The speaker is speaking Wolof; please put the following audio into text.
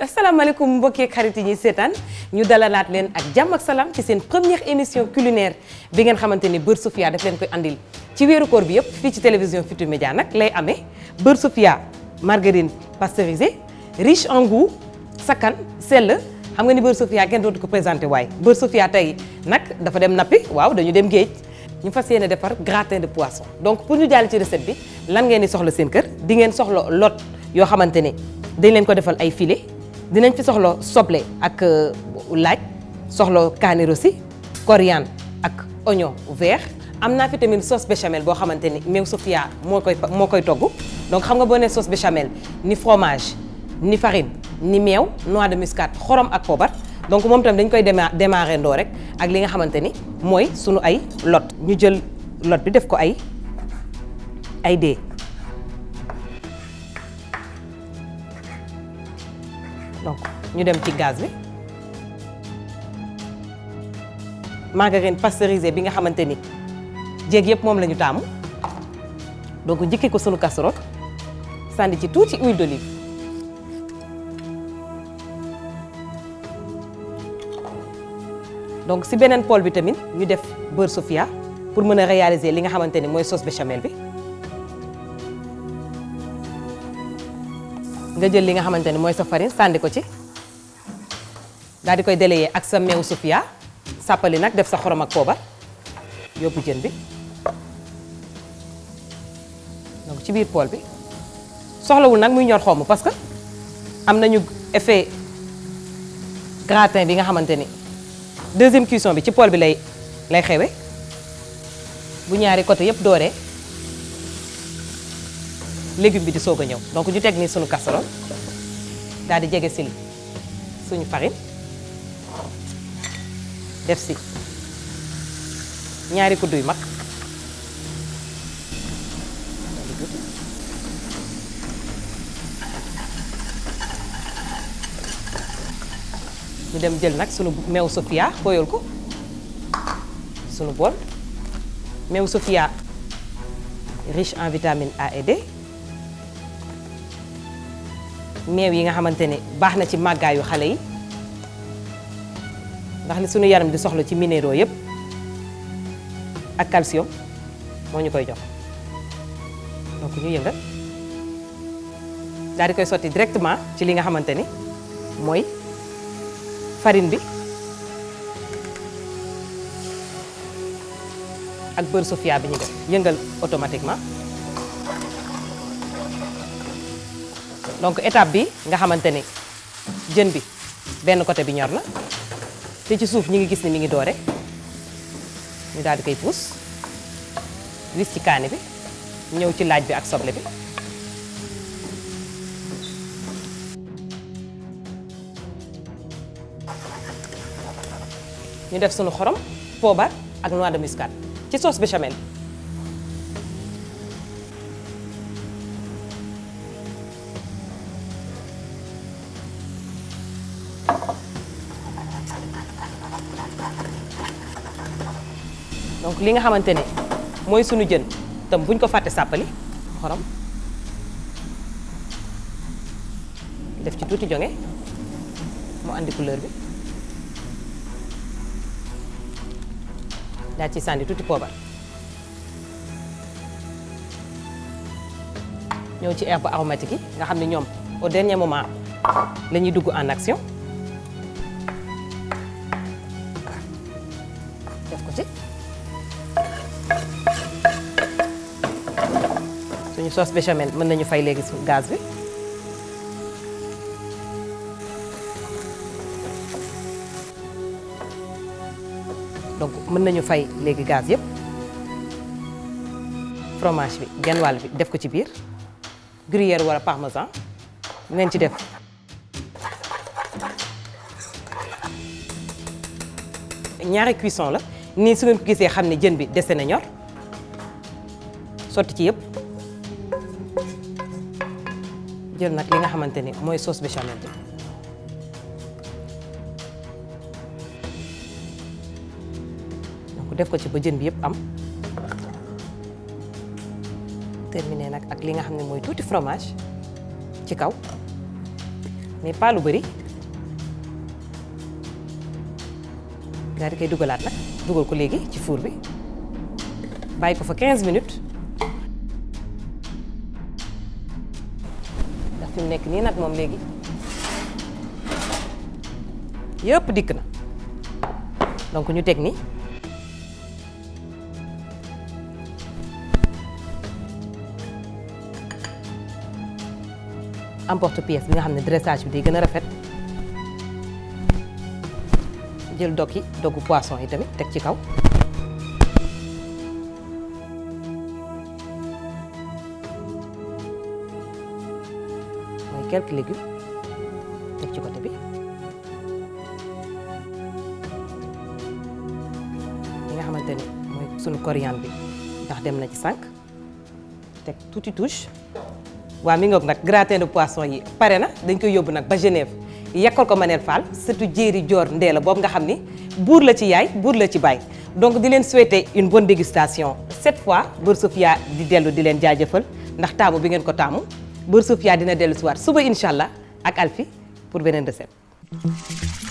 asalaamaaleykum mbokki xarit yi ñuy seetaan ñu dalalaat leen ak jàmm ak salaam ci seen première émission culinaire bi ngeen xamante ni Beurre Sofia daf leen koy andil ci weeru koor bi yëpp fii ci télévision Futurs Médias nag lay amee Beurre Sofia margarine pasteurisé riche en goût sakan sell xam nga ni beurre Sofia kenn dootu ko présenté waaye beurre Sofia tey nag dafa dem nappi waaw dañu dem géej ñu fas yéene defar gratin de poisson donc pour ñu jàll ci recette bi lan ngeen di soxla seen kër di ngeen soxla lot yoo xamante ne dañ leen ko defal ay file dinañ fi soxla soble ak euh, laaj soxla kaani rosi coriandre ak oignon vert am naa fi tamit sauce béchamel boo xamante ni meew Sofia moo koy moo koy togg donc xam nga boo sos sauce béchamel ni fromage ni farin ni meew noix de muscade xorom ak poobar donc moom tamit dañ koy démarrer ndoo rek ak li nga xamante ni mooy sunu ay lot ñu jël lot bi def ko ay ay donc ñu dem ci gaz bi margarine pasteurisée bi nga xamante ni jéeg yëpp moom la ñu taamu donc njëkkee ko suñu casserole sànni ci tuuti huile d'olive donc si beneen pool bi tamit ñu def beurre sofia pour mën a réaliser li nga xamante ni mooy sauce béchamel bi nga jël li nga xamante ni mooy sa farine sànni ko ci daal di koy délayer ak sa meew sofia sàppali nag def sa xorom ak poobar yóbbu jën bi donc ci biir poêle bi soxlawul nag muy ñor xomb parce que am nañu effet gratin bi nga xamante ni deuxième cuisson bi ci poêle bi lay lay xewe bu ñaari côté yëpp dooree légume bi di soog a ñëw donc ñu teg nii suñu casserole daal di jege sil suñu farine def si ñaari kuddu yu mag ñu dem jël nag sunu meew Sofia booyal ko sunu bol meew Sofia riche en vitamine A et D meew yi nga xamante ne baax na ci màggaayu xale yi ndax li sunu yaram di soxla ci minéro yépp ak calcium moo ñu koy jox donc ñu yëngal daal di koy sotti directement ci li nga xamante ni mooy. farine bi ak beurre sofia bi ñu def yëngal automatiquement donc étape bi nga xamante ni jën bi benn côté bi ñor na te ci suuf ñi ngi gis ni mi ngi doore ñu daal di koy puus wis ci kaani bi ñëw ci laaj bi ak soble bi ñu def suñu xorom poobar ak noix de muscade ci sauce béchamel donc li nga xamante ne mooy sunu jën tam buñ ko fàtte sàppali xorom def ci tuuti jonge mu indi couleur bi daal ci sànni tuuti poobar ñëw ci herbe yi nga xam ne ñoom au dernier moment lañuy dugg en action def ci suñu sauce béchamel mën nañu fay léegi gaz bi donc mën nañu fay léegi gaz yëpp fromage bi genn bi def ko ci biir gruyère wala parmesan ngeen ci def ñaari cuisson la ni su ngeen gisee xam ne jën bi dese na ñor sotti ci yëpp jël nag li nga xamante ni mooy sauce béchamel bi def ko ci ba jën bi yëpp am terminé nag ak li nga xam ne mooy tuuti fromage ci kaw mais pas lu bëri daal di koy dugalaat nag dugal ko léegi ci fuur bi bàyyi ko fa 15 minutes ndax fi mu nekk nii nag moom léegi yëpp dikk na donc ñu teg nii am porte-pièce bi nga xam ne dressage bi day gën a rafet jël dog yi dogu poisson yi tamit teg ci kaw mooy quelques légumes teg ci côté bi li nga xamante ne mooy sunu coriandre bi ndax dem na ci sànq teg tuuti touche waa mi ngoog nag gratin de poisson yi pare na dañ koy yóbbu nag ba Genève yekkal ko Manel Fall surtout jéeri joor ndee ndeela boobu nga xam ni buur la ci yaay buur la ci baay donc di leen souhaiter une bonne dégustation cette fois Beurre Sofia di dellu di leen jaajëfal ndax taamu bi ngeen ko taamu Beurre Sofia dina dellu si waat suba incha allah ak Alphie pour beneen set